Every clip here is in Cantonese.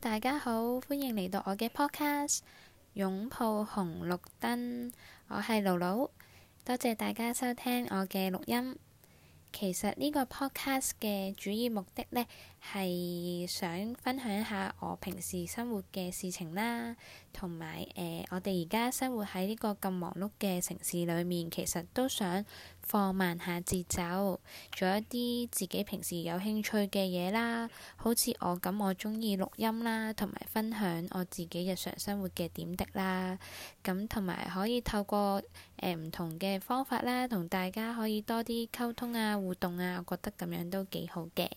大家好，歡迎嚟到我嘅 podcast《擁抱紅綠燈》，我係露露，多謝大家收聽我嘅錄音。其實呢個 podcast 嘅主要目的呢，係想分享一下我平時生活嘅事情啦，同埋誒，我哋而家生活喺呢個咁忙碌嘅城市裏面，其實都想，放慢下節奏，做一啲自己平時有興趣嘅嘢啦。好似我咁，我中意錄音啦，同埋分享我自己日常生活嘅點滴啦。咁同埋可以透過呃唔同嘅方法啦，同大家可以多啲溝通啊、互動啊，我覺得咁樣都幾好嘅。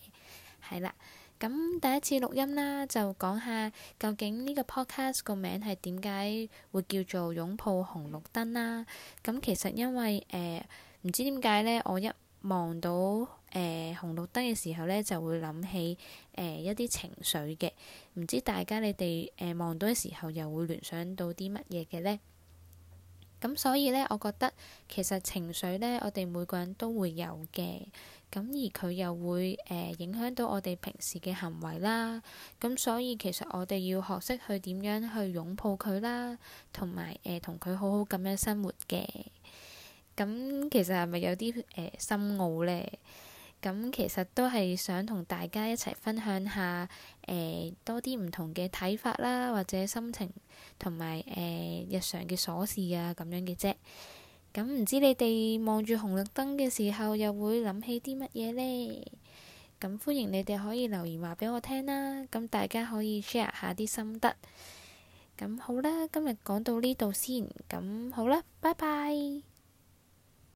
係啦，咁第一次錄音啦，就講下究竟呢個 podcast 個名係點解會叫做「擁抱紅綠燈」啦。咁其實因為誒。呃唔知點解呢，我一望到誒、呃、紅綠燈嘅時候呢，就會諗起誒、呃、一啲情緒嘅。唔知大家你哋誒望到嘅時候，又會聯想到啲乜嘢嘅呢？咁所以呢，我覺得其實情緒呢，我哋每個人都會有嘅。咁而佢又會誒、呃、影響到我哋平時嘅行為啦。咁所以其實我哋要學識去點樣去擁抱佢啦，同埋誒同佢好好咁樣生活嘅。咁其實係咪有啲誒深奧咧？咁、呃、其實都係想同大家一齊分享下誒、呃、多啲唔同嘅睇法啦，或者心情同埋誒日常嘅瑣事啊，咁樣嘅啫。咁唔知你哋望住紅綠燈嘅時候又會諗起啲乜嘢咧？咁歡迎你哋可以留言話俾我聽啦。咁大家可以 share 下啲心得。咁好啦，今日講到呢度先。咁好啦，拜拜。